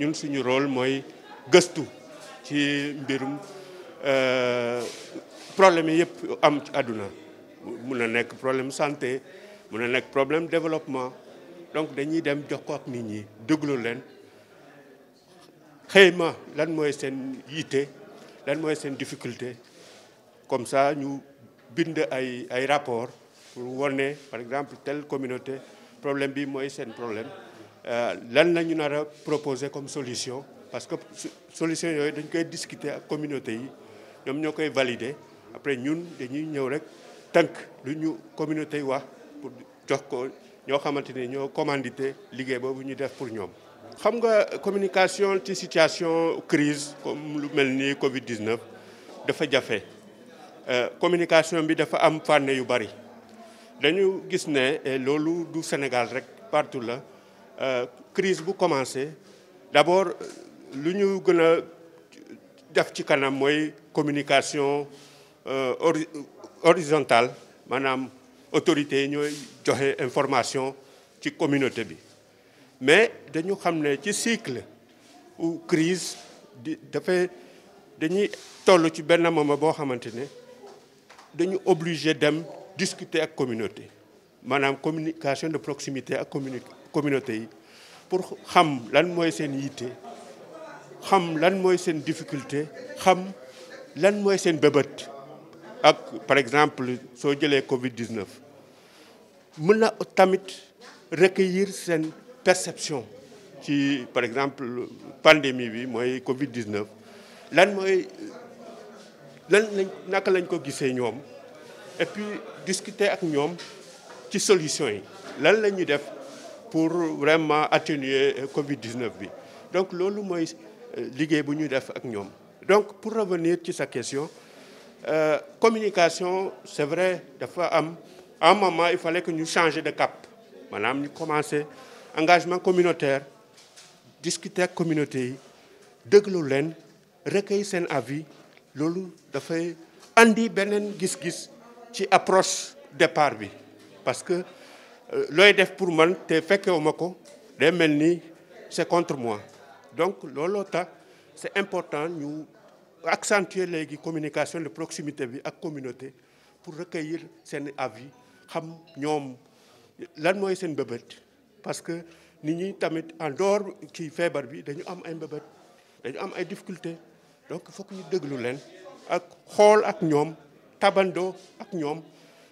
ñun suñu rôle moy gëstu ci mbirum euh, problème yépp am ci aduna mun nek problème santé mun nek problème développement donc dañuy dem jox ko ak nit ñi déglu leen xeyma lan moy sen yité lan moy sen difficulté comme ça ñu bind ay ay rapport pour wane par exemple telle communauté problème bi moy sen problème euh, lan lañu ñu proposé comme solution parce que solution yoy dañ koy discuter ak communauté yi ñom ñokay valider après ñun dañuy ñëw rek tank lu ñu communauté yi pour jox ko ño xamanteni ño ñoo commandité nous boobu ñu def pour ñom xam nga communication ci situation crise comme lu melni Covid 19 dafa euh communication bi dafa am Nous yu bari dañu gis né lolu du Sénégal rek partout la. Euh, crise bu commencé d'abord nous avons une communication def ci kanam une communication euh, horizontale manam autorité ñoy ñooy joxe information ci communauté bi mais dañu xamné ci cycle ou crise nous avons dañuy tollu ci benn moment la xamantene Nous dañu obligé dem discuter ak communauté communication de proximité ak communauté communauté pour xam lan moy sen yité xam lan moy sen difficulté xam lan moy sen bébét ak par exemple so Covid 19 mën tamit recueillir sen perception ci par exemple pandémie bi moy Covid 19 lan moy lan nak lañ ko gissé ñom et puis discuter ak ñom ci solution yi lan la def pour vraiment atténuer euh, Covid-19 donc c'est ce que nous avons fait. donc pour revenir sur sa question euh, communication c'est vrai dafa à un moment il fallait que nous changer de cap Madame ñu commencer engagement communautaire discuter la communauté yi avis. C'est avis avons dafay Andy Benen gis-gis approche départ parce que euh, looy def pour man te fekkewuma ko day melni c'est contre moi donc lolo ta c'est important ñu accentuer légui communication de proximité bi ak communauté pour recueillir sen avis xam ñom lan moy sen mbëbët parce que nit ñi tamit en dehors ci fièvre bi dañu am ay mbëbët dañu am ay difficultés donc il faut que ñu déglu len ak xol ak ñom tabando ak ñom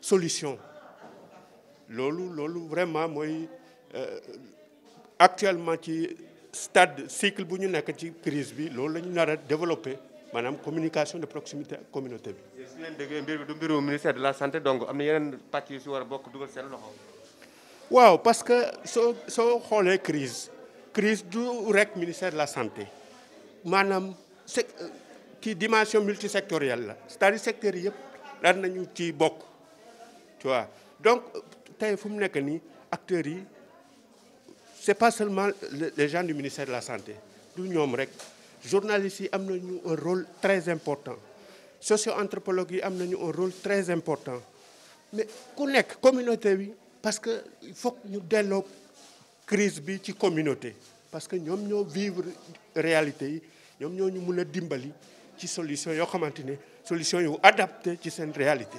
solution lolu lolu vraiment euh, actuellement ci stade cycle de ñu crise bi lolu communication de proximité communauté bi. ministère de la santé donc parce que so crise crise du ministère de la santé manam qui euh, dimension multisectorielle la cest dire tu vois donc tey acteurs c'est pas seulement les gens du ministère de la santé Les journalistes ont un rôle très important socio anthropologie a un rôle très important mais ku la communauté qu'il parce que nous faut la crise de la communauté parce que nous ñoo vivre réalité nous sommes nous dimbali ci solution yoo solution réalité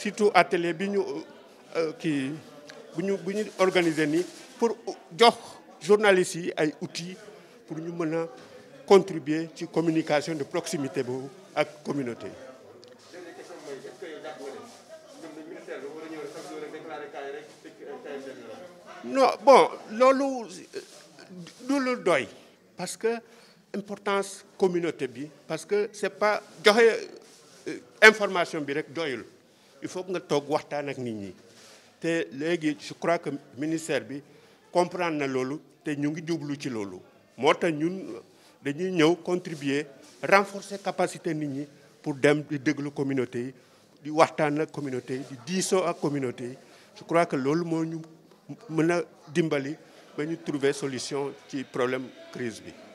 surtout atelier bi ñu euh, euh, ki buñu buñu organiser ni pour jox journalistes yi ay outils pour ñu mëna contribuer ci communication de proximité boobu ak communauté non bon nous euh, le doy parce que importance communauté bi parce que c'est pas joxe information bi rek doyul il faut que nga toog waxtaan ak nit ñi te léegi je crois que ministère bi comprendre na loolu te ñu ngi C'est ci loolu moo ñun dañuy contribuer renforcer capacité nit ñi pour dem di la communauté yi di waxtaan communauté yi di à la communauté je crois que loolu moo ñu mën a dimbali ba ñu trouver solution ci problème crise bi